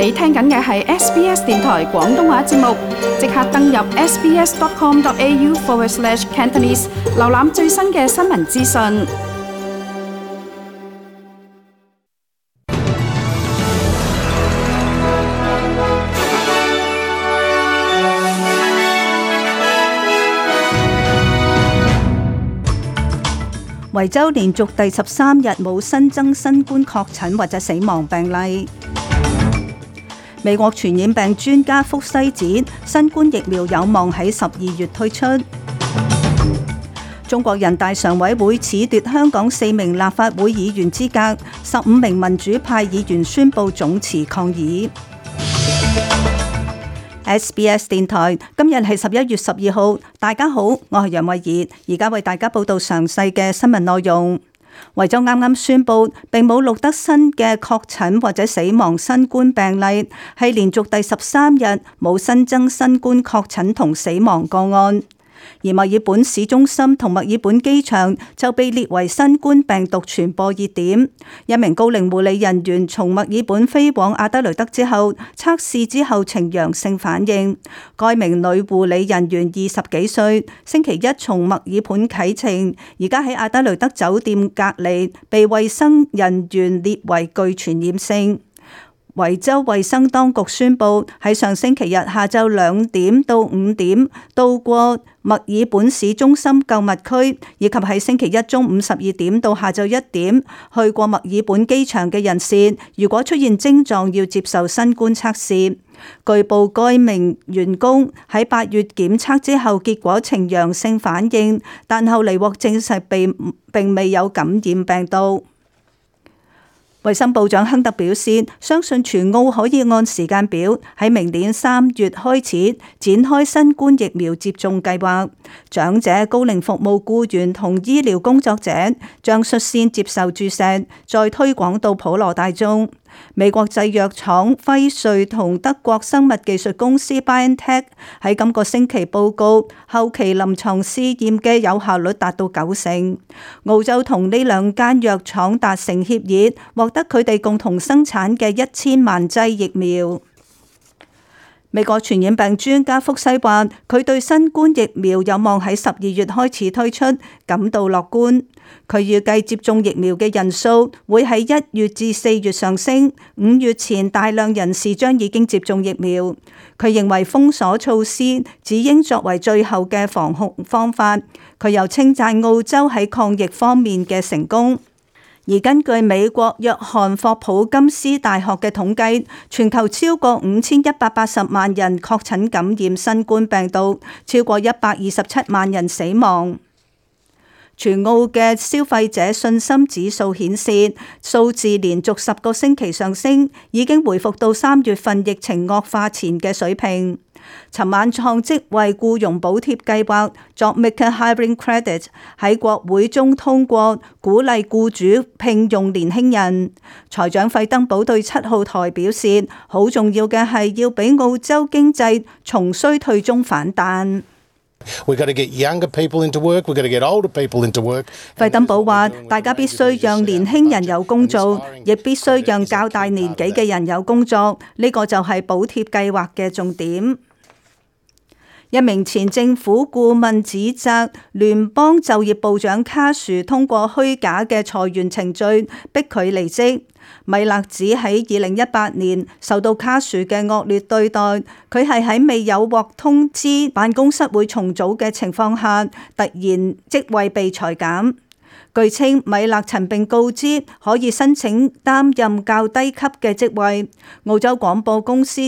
你聽緊嘅係 SBS 電台廣東話節目，即刻登入 sbs.com.au/cantonese，瀏覽最新嘅新聞資訊。維州連續第十三日冇新增新冠確診或者死亡病例。美國傳染病專家福西指，新冠疫苗有望喺十二月推出。中國人大常委會褫奪香港四名立法會議員資格，十五名民主派議員宣布總辭抗議。 SBS 電台今日係十一月十二號，大家好，我係楊慧怡，而家為大家報道詳細嘅新聞內容。維州啱啱宣布，並冇錄得新嘅確診或者死亡新冠病例，係連續第十三日冇新增新冠確診同死亡個案。而墨爾本市中心同墨爾本機場就被列為新冠病毒傳播熱點。一名高齡護理人員從墨爾本飛往阿德雷德之後，測試之後呈陽性反應。該名女護理人員二十幾歲，星期一從墨爾本啟程，而家喺阿德雷德酒店隔離，被衛生人員列為具傳染性。維州衛生當局宣布，喺上星期日下晝兩點到五點到過。墨爾本市中心購物區以及喺星期一中午十二點到下晝一點去過墨爾本機場嘅人士，如果出現症狀要接受新冠測試。據報該名員工喺八月檢測之後結果呈陽性反應，但後嚟獲證實並並未有感染病毒。衛生部長亨特表示，相信全澳可以按時間表喺明年三月開始展開新冠疫苗接種計劃，長者、高齡服務雇員同醫療工作者將率先接受注射，再推廣到普羅大眾。美國製藥廠輝瑞同德國生物技術公司 BioNTech 喺今個星期報告，後期臨床試驗嘅有效率達到九成。澳洲同呢兩間藥廠達成協議，獲得佢哋共同生產嘅一千萬劑疫苗。美國傳染病專家福西話：佢對新冠疫苗有望喺十二月開始推出感到樂觀。佢預計接種疫苗嘅人數會喺一月至四月上升，五月前大量人士將已經接種疫苗。佢認為封鎖措施只應作為最後嘅防控方法。佢又稱讚澳洲喺抗疫方面嘅成功。而根據美國約翰霍普金斯大學嘅統計，全球超過五千一百八十萬人確診感染新冠病毒，超過一百二十七萬人死亡。全澳嘅消費者信心指數顯示數字連續十個星期上升，已經回復到三月份疫情惡化前嘅水平。昨晚創職位僱用補貼計劃 j o b m a k i n hiring credit） 喺國會中通過，鼓勵雇主聘用年輕人。財長費登堡對七號台表示：好重要嘅係要俾澳洲經濟從衰退中反彈。We got to get younger people into work，we got to get older people into work。費登堡話：大家必須讓年輕人有工作，亦必須讓較大年紀嘅人有工作，呢、這個就係補貼計劃嘅重點。一名前政府顧問指責聯邦就業部長卡殊通過虛假嘅裁員程序逼佢離職。米勒指喺二零一八年受到卡殊嘅惡劣對待，佢係喺未有獲通知辦公室會重組嘅情況下，突然職位被裁減。據稱，米勒曾被告知可以申請擔任較低級嘅職位。澳洲廣播公司。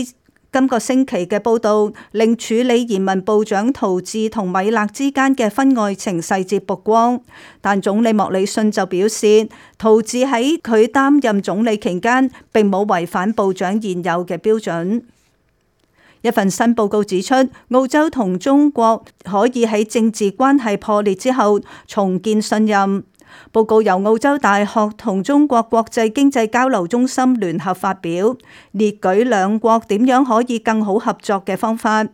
今個星期嘅報導令處理移民部長陶志同米勒之間嘅婚外情細節曝光，但總理莫里森就表示，陶志喺佢擔任總理期間並冇違反部長現有嘅標準。一份新報告指出，澳洲同中國可以喺政治關係破裂之後重建信任。報告由澳洲大學同中國國際經濟交流中心聯合發表，列舉兩國點樣可以更好合作嘅方法。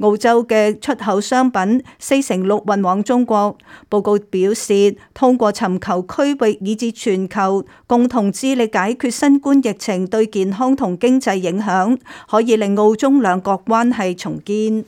澳洲嘅出口商品四成六運往中國。報告表示，通過尋求區域以至全球共同致力解決新冠疫情對健康同經濟影響，可以令澳中兩國關係重建。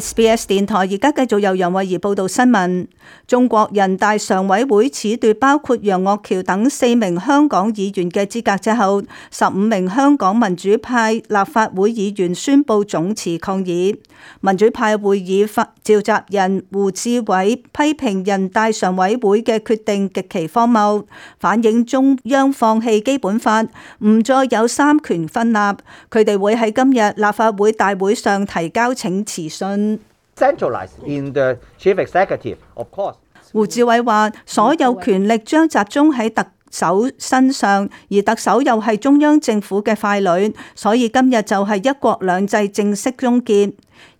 SBS 電台而家繼續由楊慧儀報道新聞。中國人大常委會褫奪包括楊岳橋等四名香港議員嘅資格之後，十五名香港民主派立法會議員宣布總辭抗議。民主派會議召集人胡志偉批評人大常委會嘅決定極其荒謬，反映中央放棄基本法，唔再有三權分立。佢哋會喺今日立法會大會上提交請辭信。Centralize in the Chief Executive, of course. 胡志偉話：所有權力將集中喺特。手身上，而特首又係中央政府嘅傀儡，所以今日就係一國兩制正式終結，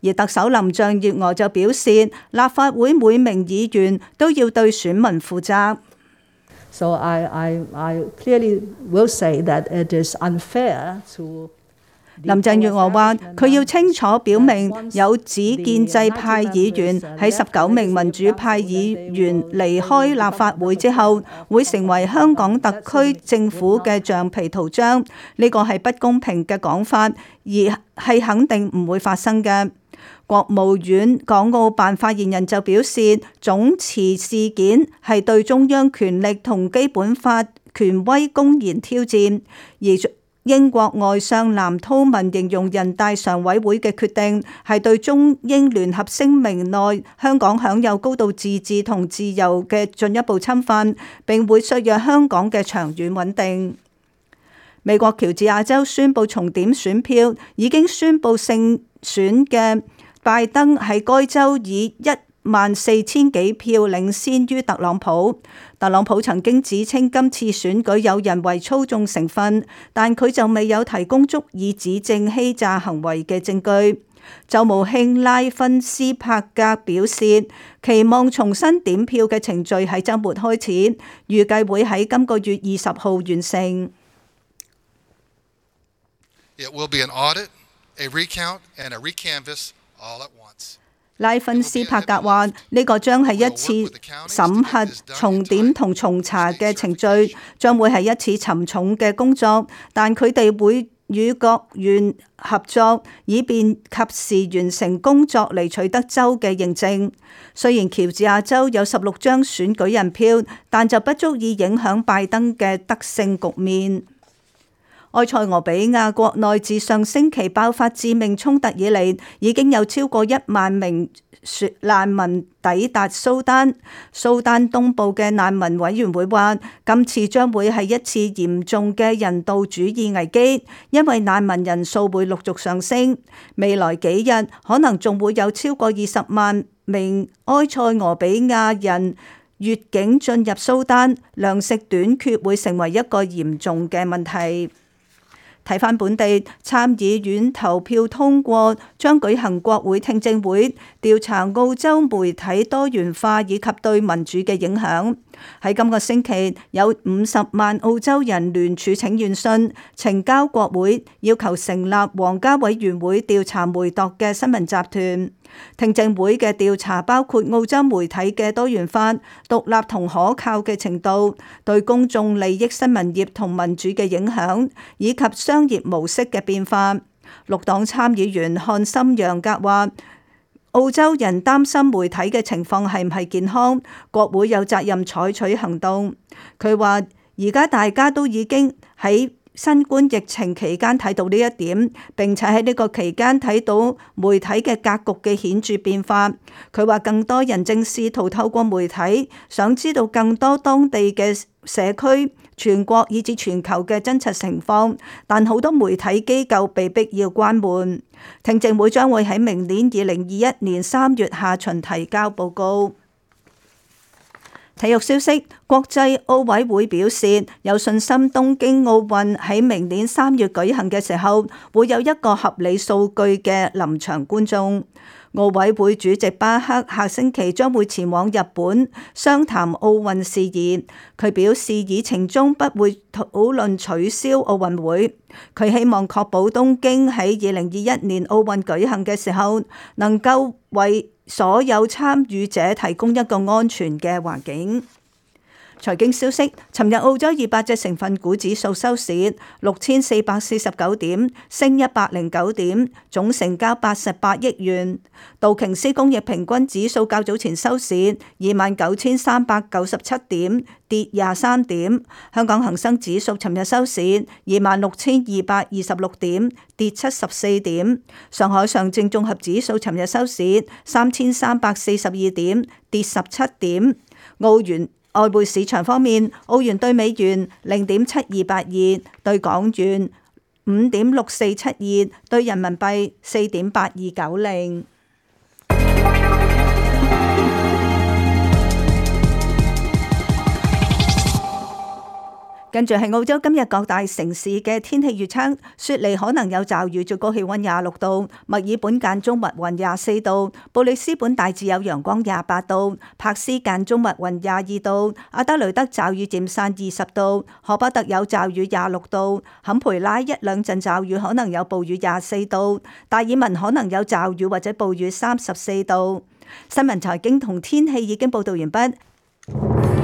而特首林鄭月娥就表示，立法會每名議員都要對選民負責。So I I I clearly will say that it is unfair to 林鄭月娥話：佢要清楚表明，有指建制派議員喺十九名民主派議員離開立法會之後，會成為香港特區政府嘅橡皮圖章，呢個係不公平嘅講法，而係肯定唔會發生嘅。國務院港澳辦發言人就表示，總辭事件係對中央權力同基本法權威公然挑戰，而。英國外相藍韜文形容人大常委會嘅決定係對中英聯合聲明內香港享有高度自治同自由嘅進一步侵犯，並會削弱香港嘅長遠穩定。美國喬治亞州宣布重點選票，已經宣布勝選嘅拜登喺該州以一萬四千幾票領先於特朗普。特朗普曾經指稱今次選舉有人為操縱成分，但佢就未有提供足以指證欺詐行為嘅證據。州務卿拉芬斯帕格表示，期望重新點票嘅程序喺周末開始，預計會喺今個月二十號完成。It will be an audit, a recount, and a recanvass, all at once. 拉芬斯帕格話：呢個將係一次審核、重點同重查嘅程序，將會係一次沉重嘅工作，但佢哋會與各院合作，以便及時完成工作嚟取得州嘅認證。雖然喬治亞州有十六張選舉人票，但就不足以影響拜登嘅得勝局面。埃塞俄比亞國內自上星期爆發致命衝突以嚟，已經有超過一萬名難民抵達蘇丹。蘇丹東部嘅難民委員會話，今次將會係一次嚴重嘅人道主義危機，因為難民人數會陸續上升。未來幾日可能仲會有超過二十萬名埃塞俄比亞人越境進入蘇丹，糧食短缺會成為一個嚴重嘅問題。睇返本地，參議院投票通過，將舉行國會聽證會，調查澳洲媒體多元化以及對民主嘅影響。喺今個星期，有五十萬澳洲人聯署請願信，呈交國會，要求成立皇家委員會調查梅鐸嘅新聞集團。聽證會嘅調查包括澳洲媒體嘅多元化、獨立同可靠嘅程度，對公眾利益新聞業同民主嘅影響，以及商業模式嘅變化。綠黨參議員漢森楊格話。澳洲人擔心媒體嘅情況係唔係健康，國會有責任採取行動。佢話：而家大家都已經喺新冠疫情期間睇到呢一點，並且喺呢個期間睇到媒體嘅格局嘅顯著變化。佢話更多人正試圖透過媒體，想知道更多當地嘅社區。全國以至全球嘅真實情況，但好多媒體機構被逼要關門。聽證會將會喺明年二零二一年三月下旬提交報告。體育消息，國際奧委會表示有信心東京奧運喺明年三月舉行嘅時候，會有一個合理數據嘅臨場觀眾。奧委會主席巴克下星期將會前往日本商談奧運事宜。佢表示，議程中不會討論取消奧運會。佢希望確保東京喺二零二一年奧運舉行嘅時候，能夠為所有參與者提供一個安全嘅環境。財經消息，尋日澳洲二百隻成分股指數收市六千四百四十九點，升一百零九點，總成交八十八億元。道瓊斯工業平均指數較早前收市二萬九千三百九十七點，跌廿三點。香港恒生指數尋日收市二萬六千二百二十六點，跌七十四點。上海上證綜合指數尋日收市三千三百四十二點，跌十七點。澳元。外匯市場方面，澳元對美元零點七二八二，對港元五點六四七二，對人民幣四點八二九零。跟住係澳洲今日各大城市嘅天氣預測：雪梨可能有驟雨，最高氣溫廿六度；墨爾本間中密雲廿四度；布里斯本大致有陽光廿八度；柏斯間中密雲廿二度；阿德雷德驟雨漸散二十度；荷巴特有驟雨廿六度；坎培拉一兩陣驟雨可能有暴雨廿四度；大爾文可能有驟雨或者暴雨三十四度。新聞財經同天氣已經報道完畢。